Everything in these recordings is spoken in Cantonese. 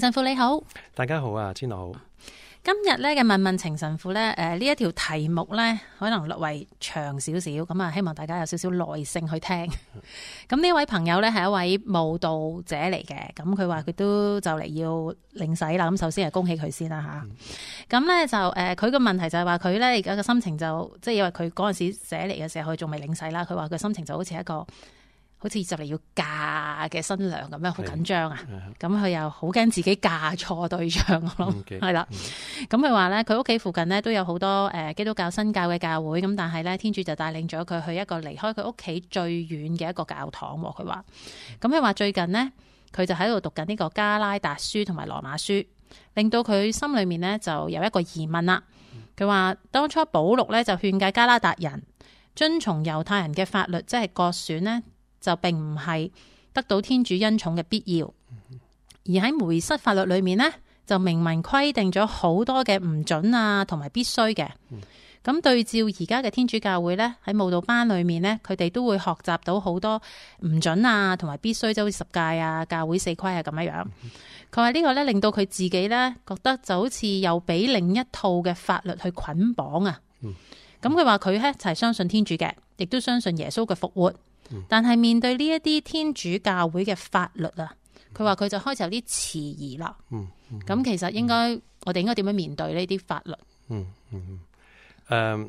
神父你好，大家好啊，千諾好。今日咧嘅問問情神父咧，誒呢一條題目咧，可能略為長少少，咁啊，希望大家有少少耐性去聽。咁呢 位朋友咧係一位慕道者嚟嘅，咁佢話佢都就嚟要領洗啦。咁首先係恭喜佢先啦吓。咁咧就誒，佢個問題就係話佢咧而家嘅心情就，即係因為佢嗰陣時寫嚟嘅時候，佢仲未領洗啦。佢話佢心情就好似一個。好似就嚟要嫁嘅新娘咁樣，好緊張啊！咁佢又好驚自己嫁錯對象咯，係啦 的。咁佢話咧，佢屋企附近呢都有好多誒基督教新教嘅教會咁，但係咧天主就帶領咗佢去一個離開佢屋企最遠嘅一個教堂。佢話，咁佢話最近呢，佢就喺度讀緊呢個加拉達書同埋羅馬書，令到佢心裏面呢就有一個疑問啦。佢話、嗯、當初保祿呢就勸誡加拉達人遵從猶太人嘅法律，即係割損呢。就並唔係得到天主恩寵嘅必要，而喺梅瑟法律裏面呢，就明文規定咗好多嘅唔准啊，同埋必須嘅。咁、嗯、對照而家嘅天主教會呢，喺慕道班裏面呢，佢哋都會學習到好多唔准啊，同埋必須，就好似十戒啊，教會四規係咁樣樣。佢話呢個呢，令到佢自己呢覺得就好似又俾另一套嘅法律去捆綁啊。咁佢話佢呢就係相信天主嘅，亦都相信耶穌嘅復活。但係面對呢一啲天主教會嘅法律啊，佢話佢就開始有啲遲疑啦。嗯，咁其實應該我哋應該點樣面對呢啲法律？嗯嗯，誒、嗯、誒，好、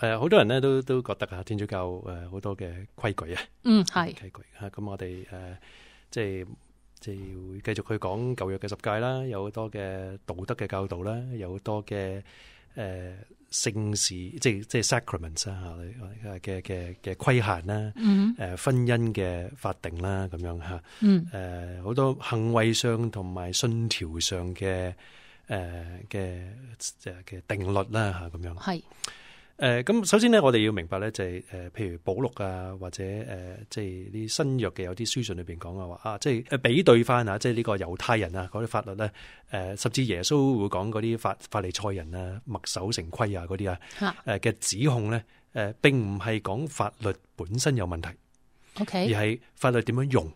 嗯 uh, 呃、多人咧都都覺得天主教誒好多嘅規矩啊。嗯，係規矩吓。咁我哋誒即係即係會繼續去講舊約嘅十誡啦，有、呃、好、就是、多嘅道德嘅教導啦，有好多嘅誒。呃聖事即係即係 sacraments 啊，嚇嘅嘅嘅規限啦，誒、mm hmm. 婚姻嘅法定啦咁樣嚇，誒好多行為上同埋信條上嘅誒嘅嘅定律啦嚇咁樣。Mm hmm. mm hmm. 誒咁首先咧，我哋要明白咧，就係誒，譬如保祿啊，或者誒，即係啲新約嘅有啲書信裏邊講嘅話啊，即係誒比對翻啊，即係呢個猶太人啊，嗰啲法律咧，誒，甚至耶穌會講嗰啲法法利賽人啊，墨守成規啊嗰啲啊，誒嘅哈指控咧，誒並唔係講法律本身有問題，OK，而係法律點樣用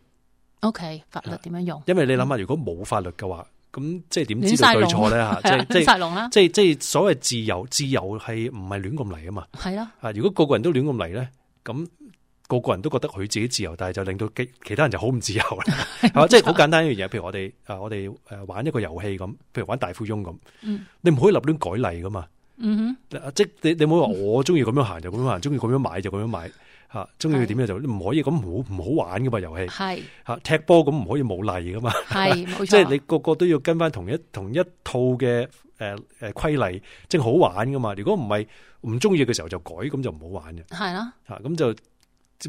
，OK，法律點樣用，因為你諗下，如果冇法律嘅話。咁即係點知道對錯咧吓？即係即係，即係即係所謂自由，自由係唔係亂咁嚟，啊嘛？係咯。啊，如果個個人都亂咁嚟咧，咁個個人都覺得佢自己自由，但係就令到其，其他人就好唔自由啦。係是的 即係好簡單一樣嘢。譬如我哋啊，我哋誒玩一個遊戲咁，譬如玩大富翁咁，你唔可以立亂改例噶嘛。嗯哼，即係你你唔好話我中意咁樣行就咁樣行，中意咁樣買就咁樣買。吓，中意點樣就唔可以咁，唔好唔好玩噶嘛，遊戲，係、啊、吓踢波咁唔可以冇例噶嘛，係，即係、啊、你個個都要跟翻同一同一套嘅誒誒規例，正、即係、好玩噶嘛。如果唔係唔中意嘅時候就改，咁就唔好玩嘅。係吓，咁就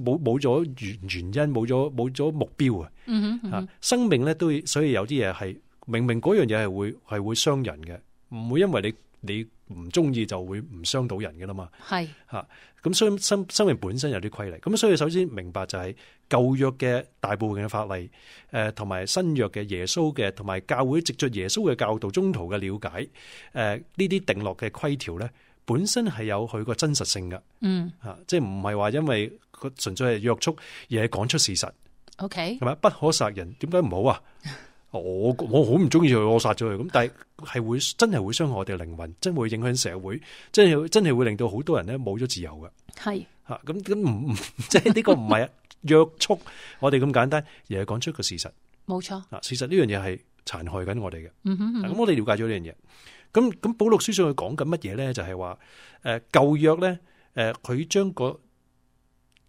冇冇咗原原因，冇咗冇咗目標啊。吓、嗯嗯、生命咧都，所以有啲嘢係明明嗰樣嘢係會係會傷人嘅，唔會因為你你。唔中意就會唔傷到人嘅啦嘛，係嚇是。咁生生生命本身有啲規例，咁所以首先明白就係舊約嘅大部分嘅法例，誒同埋新約嘅耶穌嘅，同埋教會藉著耶穌嘅教導中途嘅了解，誒呢啲定落嘅規條咧，本身係有佢個真實性㗎，嗯嚇、啊，即係唔係話因為佢純粹係約束而係講出事實，OK 係咪？不可殺人，點解唔好啊？ 我我好唔中意佢，我殺咗佢咁，但係係會真係會傷害我哋靈魂，真係會影響社會，真係真係會令到好多人咧冇咗自由嘅。係吓，咁咁唔即係呢個唔係約束我哋咁簡單，而係講出個事實。冇錯錯、啊，事實呢樣嘢係殘害緊我哋嘅。咁、嗯嗯啊、我哋了解咗呢樣嘢。咁咁，保祿書上佢講緊乜嘢咧？就係、是、話，誒、啊、舊約咧，誒佢將個。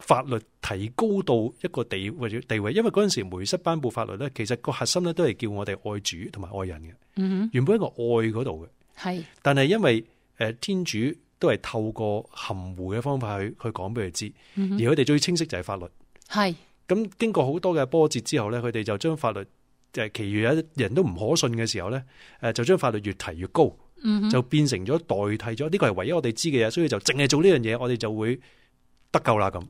法律提高到一個地或者地位，因為嗰陣時候梅瑟頒布法律咧，其實個核心咧都係叫我哋愛主同埋愛人嘅。Mm hmm. 原本一個愛嗰度嘅，係是。但係因為誒天主都係透過含糊嘅方法去去講俾佢知，mm hmm. 而佢哋最清晰就係法律。係是。咁經過好多嘅波折之後咧，佢哋就將法律就誒其餘有人都唔可信嘅時候咧，誒就將法律越提越高，就變成咗代替咗。呢個係唯一我哋知嘅嘢，所以就淨係做呢樣嘢，我哋就會得救啦咁。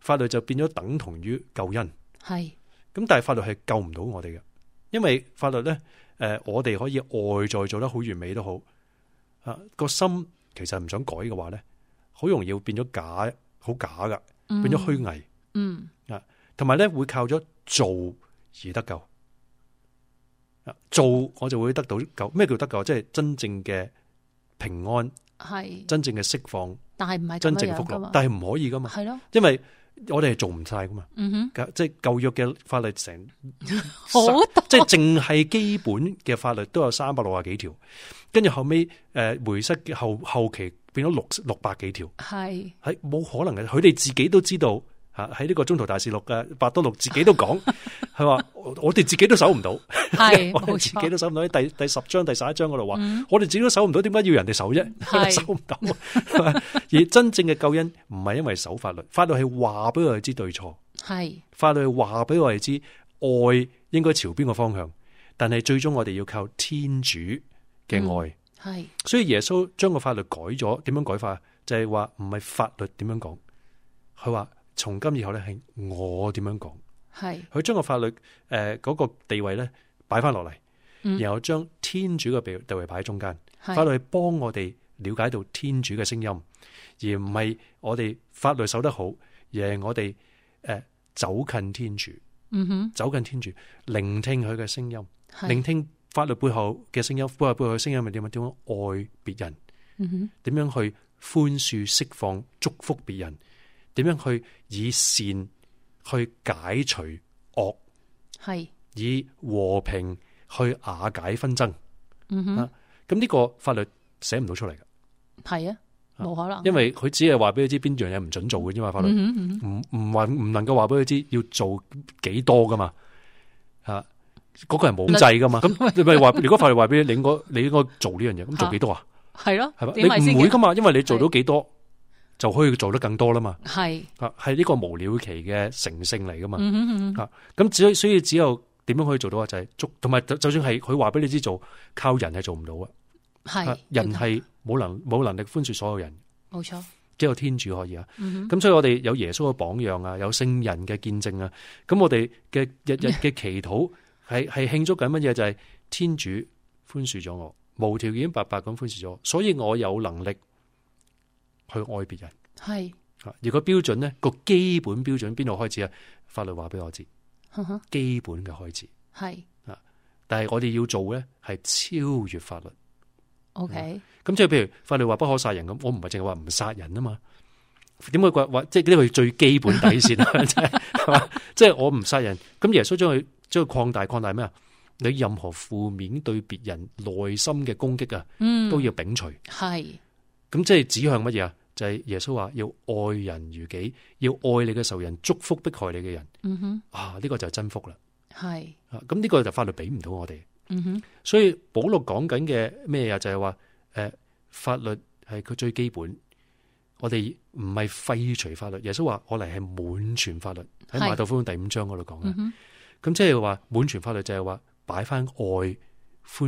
法律就變咗等同於救恩，係咁，係，但係法律係救唔到我哋嘅，因為法律咧，誒，我哋可以外在做得好完美都好，啊，個心其實唔想改嘅話咧，好容易會變咗假，好假噶，變咗虛偽，嗯啊，同埋咧會靠咗做而得救，啊，做我就會得到救。咩叫得救？即係真正嘅。平安係是真正嘅釋放，但係唔係真正嘅福禄，但係唔可以噶嘛？係咯的，因為我哋係做唔晒噶嘛。嗯哼，即係舊約嘅法律成 好多，即係淨係基本嘅法律都有三百六十幾條，跟住後尾，誒梅塞後後期變咗六六百幾條，係喺冇可能嘅，佢哋自己都知道。喺呢個宗徒大事錄嘅伯多禄自己都講，佢話 我哋自己都守唔到，係 是， 我哋自己都守唔到。喺第 第十章、第十一章嗰度話，嗯、我哋自己都守唔到，點解要人哋守啫？是我守唔到。 而真正嘅救恩唔係因為守法律，法律係話俾我哋知對錯，係是法律係話俾我哋知愛應該朝邊個方向，但係最終我哋要靠天主嘅愛，係、嗯。所以耶穌將個法律改咗，點樣改法啊？就係話唔係法律點樣講，佢話。從今以後咧，係我點樣講？係佢將個法律誒嗰個地位咧擺翻落嚟，然後將天主嘅地位擺喺中間，是法律幫我哋了解到天主嘅聲音，而唔係我哋法律守得好，而係我哋誒走近天主，嗯哼，走近天主聆聽佢嘅聲音，是聆聽法律背後嘅聲音，背後背後嘅聲音係點樣？點樣愛別人？嗯哼，點樣去寬恕、釋放、祝福別人？點樣去以善去解除惡，係以和平去瓦解紛爭。咁呢個法律寫唔到出嚟㗎？係啊，冇可能。因為佢只係話俾你知邊樣嘢唔准做嘅。因為法律唔唔話唔能夠話俾你知要做幾多噶嘛。嗰個係冇制噶嘛。咁你咪話，如果法律話俾你，應該你應該做呢樣嘢，咁做幾多啊？係咯，係你唔會噶嘛，因為你做到幾多。就可以做得更多啦嘛，係啊是，係呢個無了期嘅成聖嚟噶嘛，嗯嗯啊，咁只所以只有點樣可以做到啊？就係、是、祝，同埋就算係佢話俾你知做，靠人係做唔到的是啊，係人係冇能冇、嗯、哼能力寬恕所有人，冇錯錯，只有天主可以啊。咁、嗯、哼所以我哋有耶穌嘅榜樣啊，有聖人嘅見證啊，咁我哋嘅日日嘅祈禱係係慶祝緊乜嘢？就係、是、天主寬恕咗我，無條件白白咁寬恕咗我，所以我有能力。去愛別人係啊，是而個標準咧個基本標準邊度開始啊？法律話俾我知，基本嘅開始係啊。是但係我哋要做咧係超越法律。O K，咁即係譬如法律話不可殺人咁，我唔係淨係話唔殺人啊嘛。點會話即係呢個最基本底綫啊？ 即係我唔殺人，咁耶穌將佢將佢擴大擴大咩啊？你任何負面對別人內心嘅攻擊啊，都要摒除。係。咁即係指向乜嘢啊？就係、是、耶穌話要愛人如己，要愛你嘅仇人，祝福迫害你嘅人。嗯哼，啊呢、這個就係真福啦。係是啊，咁、這、呢個就法律俾唔到我哋。嗯哼，所以保祿講緊嘅咩啊？就係話誒，法律係佢最基本。我哋唔係廢除法律。耶穌話我嚟係滿全法律喺瑪竇福音第五章嗰度講嘅。咁是即係話滿全法律就係話擺翻愛、寬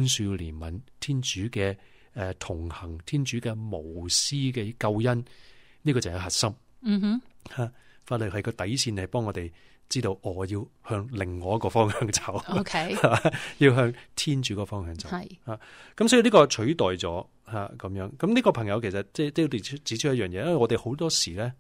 恕、憐憫天主嘅。誒，同行天主嘅無私嘅救恩，呢、這個就係核心。嗯哼，啊、法律係個底線，係幫我哋知道我要向另外一個方向走。O Okay K，、啊、要向天主個方向走。係咁是、啊、所以呢個取代咗吓咁樣。咁呢個朋友其實即係即係指出一樣嘢，因為我哋好多時咧，誒、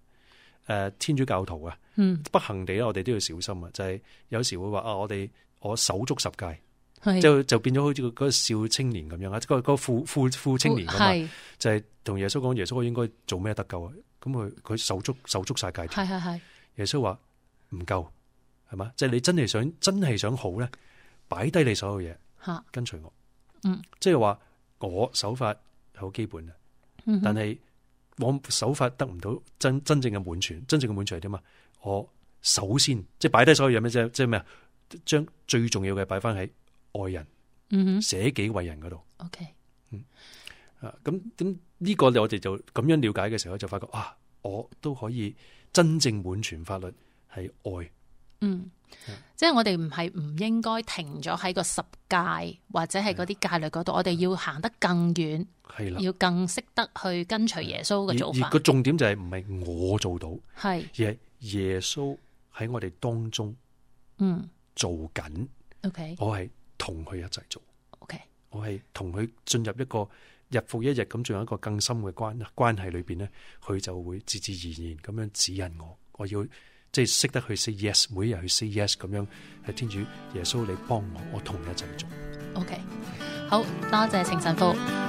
呃，天主教徒啊，嗯、不幸地咧，我哋都要小心啊，就係、是、有時會話啊，我哋我手足十戒。即係是就，就變咗，好似個少青年咁樣啊，即個個富富富青年啊嘛是，就係同耶穌講，耶穌，我應該做咩得救啊？咁佢佢守足守足晒戒，係係係耶穌話唔夠係嘛？即係你真係想真係想好咧，擺低你所有嘢，哈跟隨我，嗯，就是說，即係話我守法好基本嘅，但係我守法得唔到真真正嘅滿全，真正嘅滿全點啊？我首先即係擺低所有嘢咩啫？即係咩啊？將最重要嘅擺翻喺」愛人，捨、嗯、哼己為人嗰度。O Okay K，嗯，咁咁呢個我哋就咁樣了解嘅時候，就發覺啊，我都可以真正滿全法律係愛。嗯，是即係我哋唔係唔應該停咗喺個十誡，或者係嗰啲戒律嗰度，的我哋要行得更遠。係啦的，要更識得去跟隨耶穌嘅做法。而，而個重點就係唔係我做到，係是而係耶穌喺我哋當中，嗯，做緊著。O Okay K，我係。同佢一齊做，OK，我係同佢進入一個日復一日咁，進入一個更深嘅關關係裏邊咧，佢就會自自然然咁樣指引我，我要即係識得去 say yes，每日去 say yes，咁樣係天主耶穌，你幫我，我同佢一齊做，OK，好多謝程神父。